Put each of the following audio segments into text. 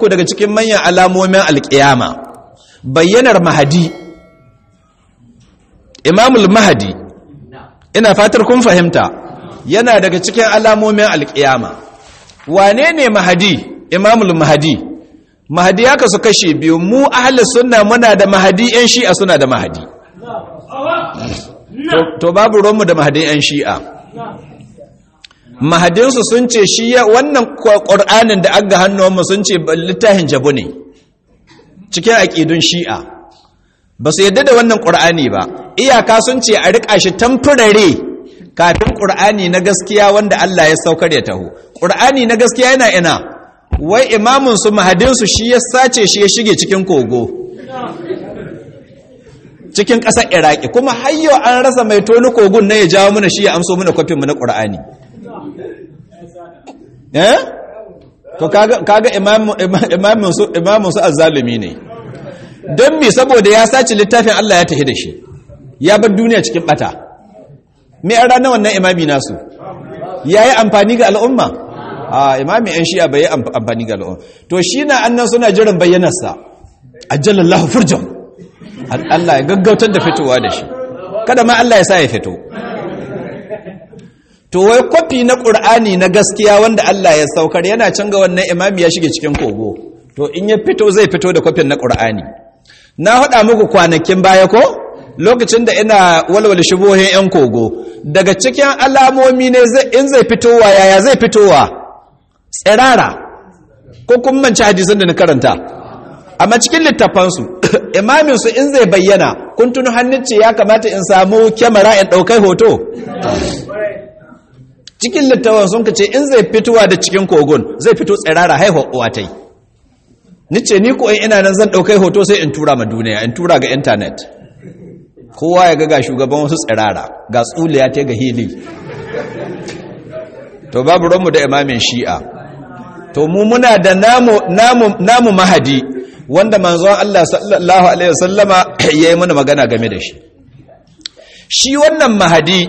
uku daga cikin manyan alamomin alkiyama bayyanar mahadi imamul mahadi ina fatar kun fahimta yana daga cikin alamomin alkiyama wane ne mahadi imamul mahadi mahadi ya kasu kashe biyu mu ahalar suna muna da mahadi 'yan shi'a suna da mahadi to babu ruwanmu da mahadi 'yan shi'a mahadinsu sun ce shi wannan ƙor'anin da aga hannuwanmu sun ce littafin jabu ne cikin aƙidun shi'a ba su yadda da wannan ƙor'ani ba iyaka sun ce a riƙa shi tamfurare kafin ƙor'ani na gaskiya wanda Allah ya saukar ya taho ƙor'ani na gaskiya yana ina wai imaminsu mahadinsu shi ya sace shi ya shige cikin kogo cikin ƙasar iraki kuma yau an rasa mai toni kogon na ya jawo mana shi ya amso mana kwafinmu na ƙur'ani eh to kaga kaga imamu imamu su imamu su azzalimi ne dan me saboda ya saci littafin Allah ya tafi da shi ya bar duniya cikin bata me an ranar wannan imami nasu yayi amfani ga al'umma a imami an shi'a bai amfani ga al'umma to shi na annan suna jiran bayyanarsa ajallallahu furjan Allah ya gaggautar da fitowa da shi kada ma Allah ya sa ya fito to wai kwafi na ƙur'ani na gaskiya wanda Allah ya saukar yana can ga wannan imami ya shige cikin kogo to in ya fito zai fito da kwafin na ƙur'ani na haɗa muku kwanakin baya ko lokacin da ina walwal shubohin 'yan kogo daga cikin alamomi ne in zai fitowa yaya zai fitowa tsirara ko kun manci hadisin da na karanta amma cikin littafansu imaminsu in zai bayyana kun tuni hannun ce ya kamata in samu kyamara in ɗaukai hoto cikin littafin sun ka ce in zai fitowa da cikin kogon zai fito tsirara haihuwa uwa ta yi ni ce ni kuwa ina nan zan ɗaukai hoto sai in tura ma duniya in tura ga intanet kowa ya ga ga shugaban wasu tsirara ga tsuliya ta ga hili to babu ranmu da imamin shi'a to mu muna da namu mahadi wanda manzon Allah sallallahu alaihi wasallama yayi mana magana game da shi shi wannan mahadi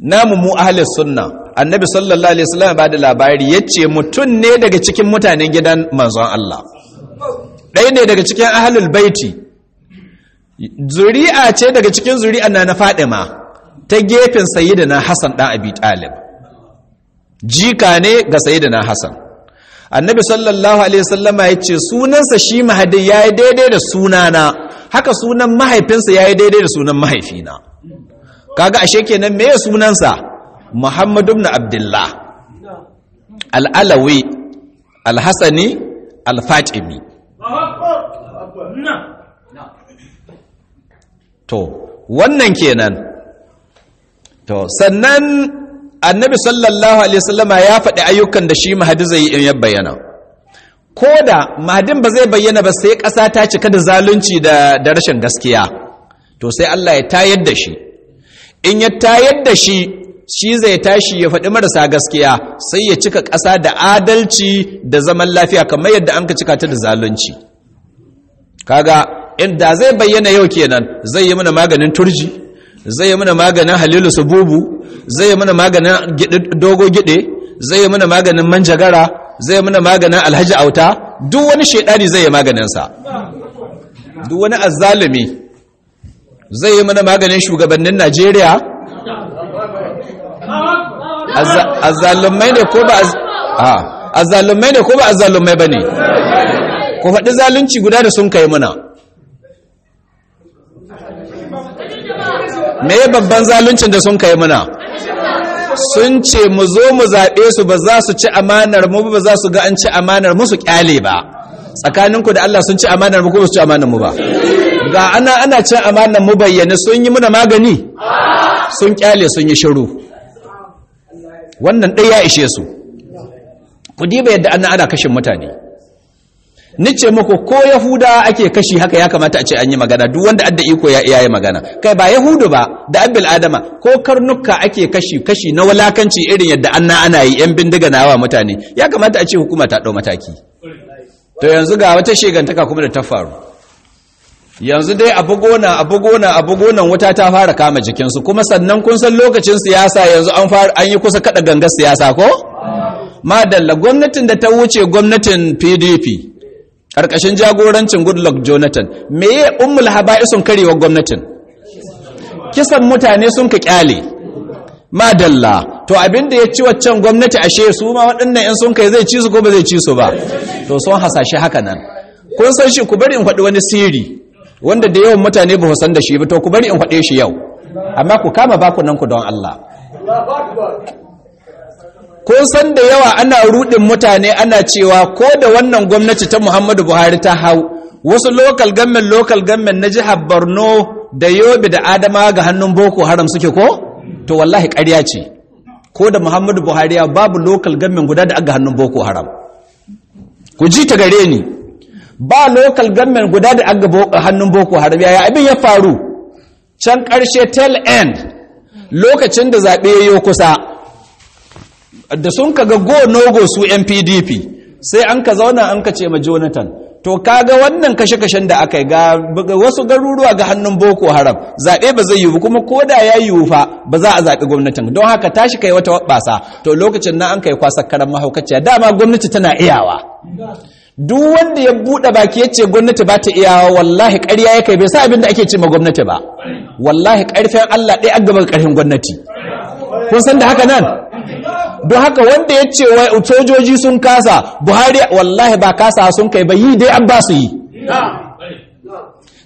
namu mu ahlus sunna annabi sallallahu alaihi wasallam ba da labari yace mutun ne daga cikin mutanen gidan manzon Allah ɗaya ne daga cikin ahalul baiti zuri'a ce daga cikin zuri'a na na Fadima ta gefen sayyidina Hassan dan Abi Talib jika ne ga sayyidina Hassan annabi sallallahu alaihi ya yace sunansa shi mahadi yayi daidai da sunana haka sunan mahaifinsa yayi daidai da sunan mahaifina kaga ashe kenan me sunansa Muhammad ibn Abdullah al-Alawi al-Hasani al-Fatimi to wannan kenan to sannan annabi sallallahu alaihi wasallama ya faɗi ayyukan da shi mahadi zai yi bayyana ko da mahadin ba zai bayyana ba sai ƙasa ta cika da zalunci da rashin gaskiya to sai Allah ya tayar da shi in ya tayar da shi shi zai tashi ya faɗi marasa gaskiya sai ya cika ƙasa da adalci da zaman lafiya kamar yadda an ka cika ta da zalunci kaga inda zai bayyana yau kenan zai yi mana maganin turji zai yi mana maganin halilu sububu zai yi mana maganin dogo gide zai yi mana maganin manjagara zai yi mana maganin alhaji auta duk wani shaidani zai yi maganinsa duk wani azzalumi zai yi mana maganin shugabannin najeriya A azalumai ne ko ba a ne ko ba ne ku faɗi zalunci guda da sun kai muna me babban zaluncin da sun kai muna sun ce mu zo mu zaɓe su ba za su ci amanar mu ba za su ga an ci amanar mu su ƙyale ba tsakaninku da Allah sun ci amanar mu ko ba su ci amanar mu ba ga ana ana cin amanar mu bayyane sun yi muna magani sun kyale sun yi shiru wannan ɗaya ya ishe su ku diba yadda ana ana kashin mutane Ni ce muku ko yahuda ake kashi haka ya kamata a ce an yi magana duk wanda adda iko ya iya magana kai ba yahudu ba da abil adama ko karnuka ake kashi kashi na walakanci irin yadda anna ana yi yan bindiga nawa mutane ya kamata a ce hukuma ta ɗau mataki to yanzu ga wata shegantaka kuma da ta faru yanzu dai abu gona abu gona abu gonan wuta ta fara kama jikinsu kuma sannan kun san lokacin siyasa yanzu an fara an yi kusa kada gangar siyasa ko madalla gwamnatin da ta wuce gwamnatin PDP karkashin jagorancin Goodluck Jonathan me meye ummul sun karewa gwamnatin kisan mutane sun ka kyale madalla to abin da ya ci waccan gwamnati ashe su ma waɗannan in sun kai zai ci su ko ba zai ci su ba to sun hasashe haka nan kun san shi ku bari in faɗi wani sirri wanda da yawan mutane ba san da shi ba to ku bari in faɗe shi yau amma ku kama bakunan ku don Allah kun san da yawa ana rudin mutane ana cewa ko da wannan gwamnati ta Muhammadu Buhari ta hau wasu local government local government na jihar Borno da Yobe da Adama ga hannun Boko Haram suke ko to wallahi ƙarya ce ko da Muhammadu Buhari ya babu local government guda da ga hannun Boko Haram ku ji ta gare ni ba local government guda da aga hannun boko haram yaya abin ya faru can karshe tell end lokacin da zaɓe ya kusa da sun kaga go no go su NPDP sai an ka zauna an ka ce ma Jonathan to kaga wannan kashe-kashen da aka yi ga wasu garuruwa ga hannun Boko Haram zaɓe ba zai yiwu kuma ko da ya yiwu fa ba za a zaɓi gwamnatin don haka tashi kai wata wabasa to lokacin na an kai kwasa karan mahaukaciya dama gwamnati tana iyawa duk wanda ya buɗe baki ya ce gwamnati ba ta iyawa wallahi ƙarya ya kai bai sa abin da ake ce ma gwamnati ba wallahi ƙarfin Allah ɗaya agaba ga ƙarfin gwamnati kun san da haka nan don haka wanda ya ce sojoji sun kasa buhari wallahi ba kasa sun kai ba yi dai an ba su yi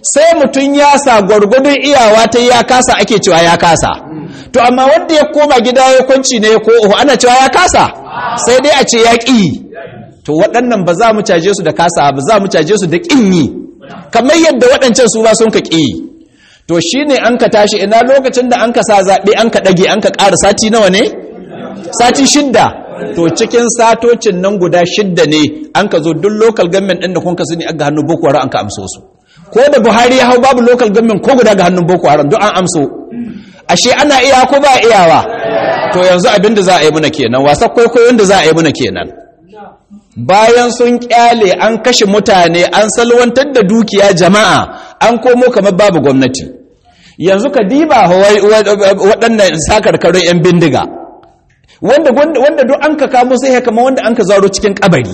sai mutum ya sa gwargwadon iyawa ta ya kasa ake cewa ya kasa to amma wanda ya koma gida ya kwanci ne ko ana cewa ya kasa sai dai a ce ya ƙi to waɗannan ba za mu caje su da kasa ba za mu caje su da ƙin kamar yadda waɗancan su ba sun ka ƙi to shi ne an ka tashi ina lokacin da an ka sa zaɓe an ka ɗage an ka ƙara sati nawa ne sati shidda to cikin satocin nan guda shidda ne an ka zo duk local government ɗin da kun ka sani an ga hannun boko haram an ka amso su ko da buhari ya hau babu local government ko guda ga hannun boko haram duk an amso ashe ana iya ko ba iyawa to yanzu abin da za a yi muna kenan wasa kwaikwayon da za a yi muna kenan bayan sun kyale an kashe mutane an salwantar da dukiya jama'a an komo kamar babu gwamnati yanzu ka diba waɗannan sakarkarun 'yan bindiga wanda duk an ka kamo sai kama wanda an ka zaro cikin kabari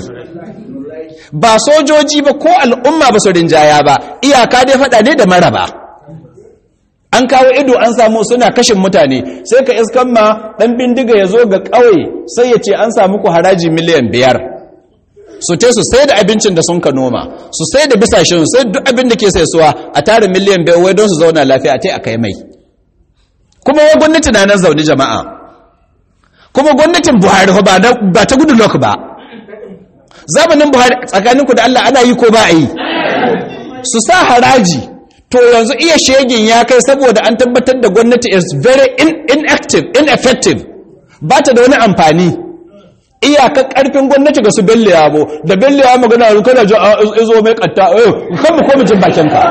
ba sojoji ba ko al'umma ba su rinjaya ba iyaka dai faɗa ne da maraba an kawo ido an samu suna kashin mutane sai ka iskan ma ɗan bindiga ya zo ga ƙauye sai ya ce an samu ku haraji miliyan biyar su te su sai da abincin da sun ka noma su sai da bisashen su sai duk abin da ke sai suwa a tara miliyan bai wai don su zauna lafiya a yi a kai mai kuma wai gwamnati na nan zaune jama'a kuma gwamnatin buhari ba ta gudu lok ba zamanin buhari tsakaninku da allah ana yi ko ba a yi su sa haraji to yanzu iya shegin ya kai saboda an tabbatar da gwamnati is very inactive ineffective ba ta da wani amfani iyaka karfin gwamnati ga su bello yabo da bello ya magana yanzu da ji ah, izo mai katta eh, kan mu koma jin bakin ka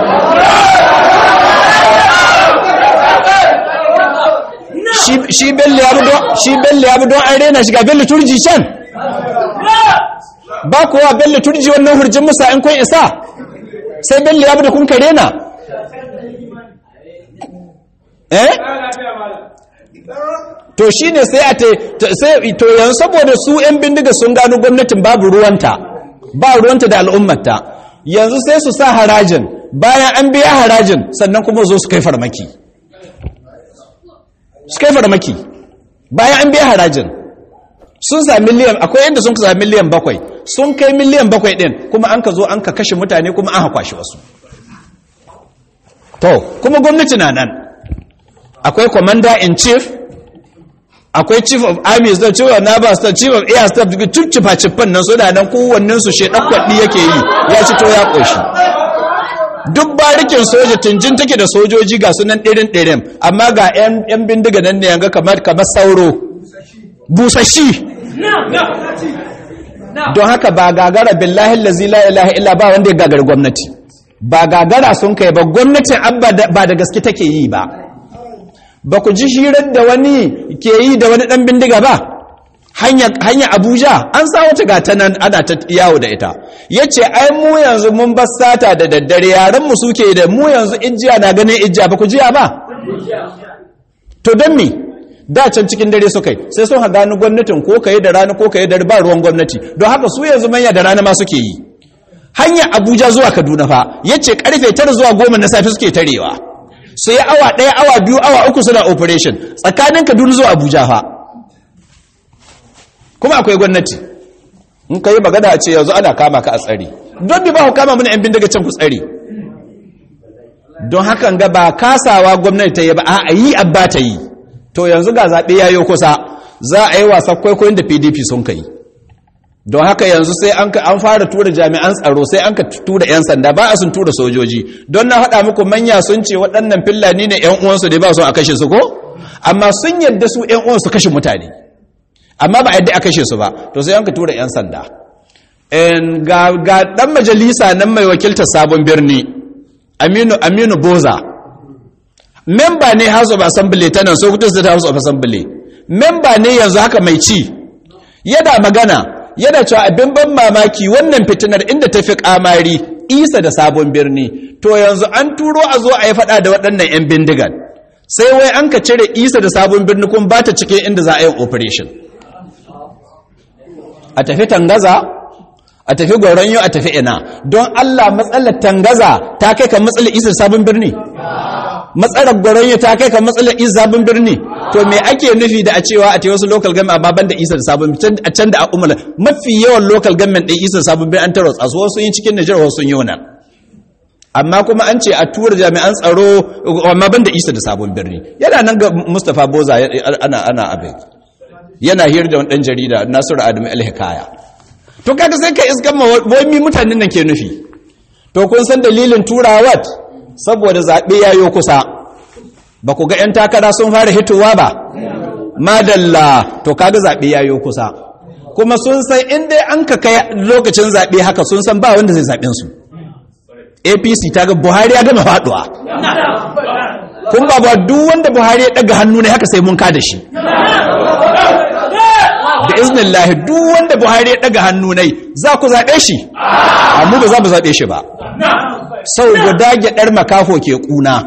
shi bello ya don shi bello ya don an rena shiga bello turji can ba wa bello turji wannan hurjin musa in kun isa sai bello ya da kun ka rena eh to ne sai a sai to yanzu saboda su yan bindiga sun gano gwamnatin babu ruwanta ba ruwanta da al'ummata yanzu sai su sa harajin bayan an biya harajin sannan kuma zo su kai farmaki su kai farmaki bayan an biya harajin sun sa miliyan akwai inda sun sa miliyan bakwai sun kai miliyan bakwai din kuma an ka zo an ka kashe mutane kuma an haƙwashi wasu to kuma gwamnati na nan akwai commander in chief akwai chief of army da chief of naval staff chief of air staff duk ciccifa ciffan nan da nan kowannen su shedan kwaddi yake yi ya ci to ya koshi duk barikin soja tunjin take da sojoji ga sunan dirin dirin amma ga yan bindiga nan ne yanga kamar kamar sauro busashi don haka ba gagara billahi allazi la ilaha illa ba wanda ya gagari gwamnati ba gagara sun kai ba gwamnatin abba ba da gaske take yi ba ba ku ji shirar da wani ke yi da wani ɗan bindiga ba hanya abuja an sa wata gata nan ana ta yawo da ita ya ce ai mu yanzu mun bar sata da daddare yaranmu suke da mu yanzu ijiya na ganin ijiya ba ku jiya ba to don mi da can cikin dare su kai sai sun ni gwamnatin ko ka yi da rana ko ka yi da ba ruwan gwamnati don haka su yanzu manya da rana ma suke yi hanya abuja zuwa kaduna fa ya ce karfe tara zuwa goma na safe suke tarewa sai awa ɗaya awa biyu awa uku suna operation tsakanin kaduna zuwa abuja fa kuma akwai gwamnati in ka yi magana a ce yanzu ana kama ka a tsari don bi ba ku kama mana 'yan daga can ku tsare. don hakan ga ba kasawa gwamnati ta yi ba a yi abba ta yi to yanzu ga zaɓe yayo kusa za a yi wasa kwaikwayon da pdp sun ka yi don haka yanzu sai an an fara tura jami'an tsaro sai an ka tura 'yan sanda ba a sun tura sojoji don na haɗa muku manya sun ce waɗannan fillani ne 'yan uwansu da ba su a kashe su ko amma sun yadda su 'yan uwansu kashe mutane amma ba a yadda a kashe su ba to sai an ka tura 'yan sanda ga ga dan majalisa nan mai wakiltar sabon birni aminu aminu boza memba ne house of assembly tana sokoto state house of assembly memba ne yanzu haka mai ci Yada magana yana cewa abin ban mamaki wannan fitinar inda ta fi kamari isa da sabon birni to yanzu an turo a zo a yi faɗa da waɗannan 'yan bindigan sai wai an ka cire isa da sabon birni kun ba ta cikin inda za a yi operation a tafi tangaza a tafi yau a tafi ina don allah matsalar tangaza ta kai ka matsalar isa da sabon birni matsalar gwaranya ta kai ka matsalar isa sabon birni to me ake nufi da a cewa a wasu local government amma da isa sabon birni a can da a umar mafi yawan local government da isa sabon birni an tarwatsa su wasu yin cikin nijar wasu yi wannan amma kuma an ce a tura jami'an tsaro amma ban da isa da sabon birni yana nan ga mustapha boza ana ana abin yana hiyar da ɗan jarida nasiru adamu alhikaya to kaga sai ka iskan ma wai mutanen nan ke nufi to kun san dalilin turawat saboda zaɓe ya yi kusa ba ku ga 'yan takara sun fara hitowa ba madalla to kaga zaɓe ya yi kusa kuma sun san inda an ka kai lokacin zaɓe haka sun san ba wanda zai zaɓe su apc ta ga buhari ya gama faɗuwa kun ba ba duk wanda buhari ya ɗaga hannu ne haka sai mun ka da shi da lahi duk wanda buhari ya ɗaga hannu ne za ku zaɓe shi amma ba za mu zaɓe shi ba sau guda gyaɗar makaho ke ƙuna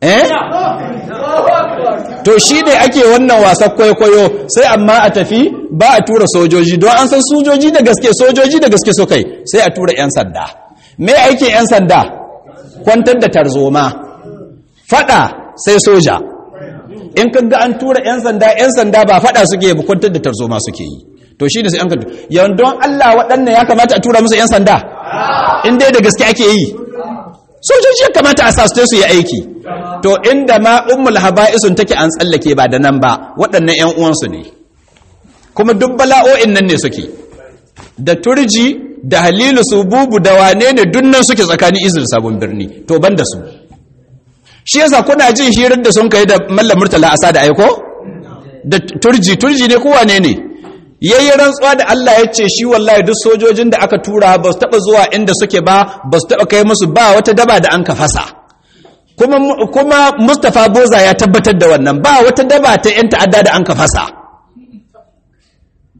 eh to shi ne ake wannan wasa kwaikwayo sai amma a tafi ba a tura sojoji don an san sojoji da gaske sojoji da gaske su kai sai a tura 'yan sanda me aikin 'yan sanda kwantar da tarzoma fada sai soja in kaga an tura 'yan sanda 'yan sanda ba fada suke ba kwantar da tarzoma suke yi to shi ne sai 'yan kanto yawon don allah waɗannan ya kamata a tura musu 'yan sanda in dai da gaske ake yi sojoji ya kamata a sasu su yi aiki to inda ma ummul haba'isun take an tsallake ba da nan ba waɗannan 'yan uwansu ne kuma duk bala'o'in nan ne suke da turji da halilu su bubu da wane ne dunnan suke tsakanin izir sabon birni to ban da su shi yasa kuna jin hirar da sun kai da mallam murtala asa da aiko da turji turji ne ne ne yayi rantsuwa da Allah ya ce shi wallahi duk sojojin da aka tura ba su taba zuwa inda suke ba ba su taba kai musu ba wata daba da an ka fasa kuma kuma Mustafa Boza ya tabbatar da wannan ba wata daba ta yan ta'adda da an ka fasa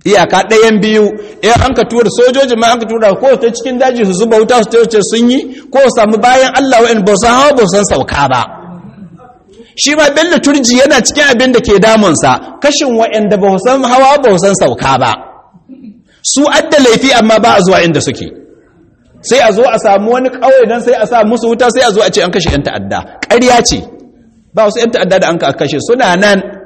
iyaka ɗayan biyu in an ka tura sojojin ma an ka tura ko ta cikin daji su zuba wuta su ce sun yi ko samu bayan Allah wa'in ba su hawa ba su san sauka ba shi ma bello turji yana cikin abin da ke damunsa kashin wa'anda ba san hawa ba san sauka ba su adda laifi amma ba a zuwa inda suke sai a zo a samu wani ƙauye don sai a sa musu wuta sai a zo a ce an kashe 'yan ta'adda ƙarya ce ba wasu 'yan ta'adda da an ka kashe suna nan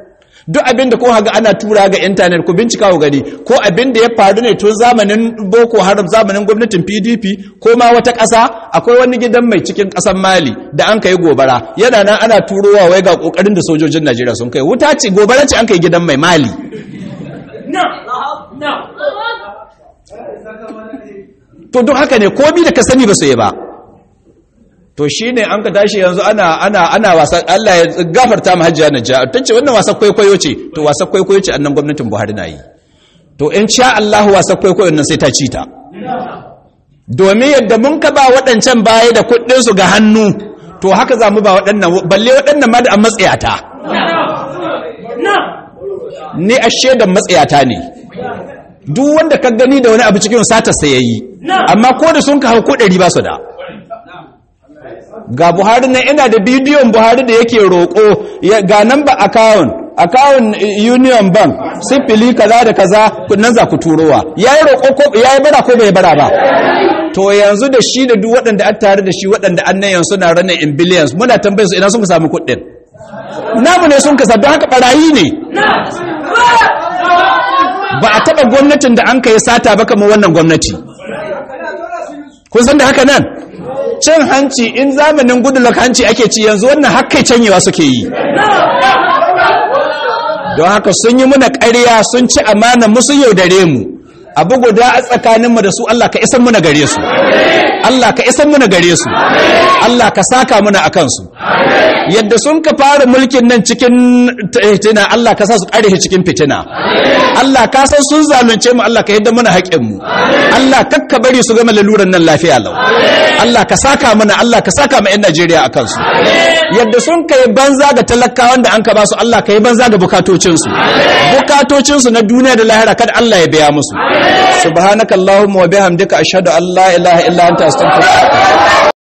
duk abin da ko haga ana tura ga intanet ku bincika ku gani ko abin da ya faru ne tun zamanin boko haram zamanin gwamnatin pdp ko ma wata ƙasa akwai wani gidan mai cikin ƙasar mali da an kai gobara yana nan ana turowa wai ga ƙoƙarin da sojojin najeriya sun kai wuta ce gobara ce an kai gidan mai mali to don haka ne bi da ka sani ba su yi ba to shine an ka tashi yanzu ana ana ana wasa Allah ya gafarta mu hajjiya jiya tace wannan wasa kwaikwayo ce to wasa kwaikwayo ce annan gwamnatin Buhari na yi to in sha Allah wasa kwaikwayon nan sai ta ci ta domin yadda mun ka ba waɗancan baya da kuɗin su ga hannu to haka za mu ba waɗannan balle waɗannan ma da an matsayata ni a shaidan matsayata ne duk wanda ka gani da wani abu cikin sata sayayi amma ko da sun ka hau ko ɗari ba su da ga buhari na ina da bidiyon buhari da yake roƙo ga nan ba akawun akawun union bank sifili kaza da kaza nan za ku turowa ya yi roƙo ko ya yi bara ko bai bara ba to yanzu da shi da duk waɗanda an tare da shi waɗanda an nan yanzu na ranar in billions muna tambayar su ina sun ka samu kuɗin namu ne sun ka don haka barayi ne ba a taɓa gwamnatin da an ka yi sata ba kamar wannan gwamnati kun san da haka nan cin hanci in zamanin gudulak hanci ake ci yanzu wannan haka canyewa suke yi don haka sun yi muna ƙarya sun ci amana musu yaudare mu abu guda a tsakaninmu da su Allah ka isan muna gare su Allah ka isan muna gare su Allah ka saka muna a kansu. yadda sun ka fara mulkin nan cikin fitina Allah ka sa su ƙare cikin fitina Allah ka san sun zalunce mu Allah ka yadda mana haƙƙin mu Allah kakka bari su gama laluran nan lafiya lau Allah ka saka mana Allah ka saka ma 'yan Najeriya a kansu yadda sun kai banza ga talakawan da an ka ba su, Allah ka yi banza ga bukatocinsu bukatocinsu na duniya da lahira kada Allah ya biya musu subhanakallahumma wa bihamdika ashhadu an la ilaha illa anta astaghfiruka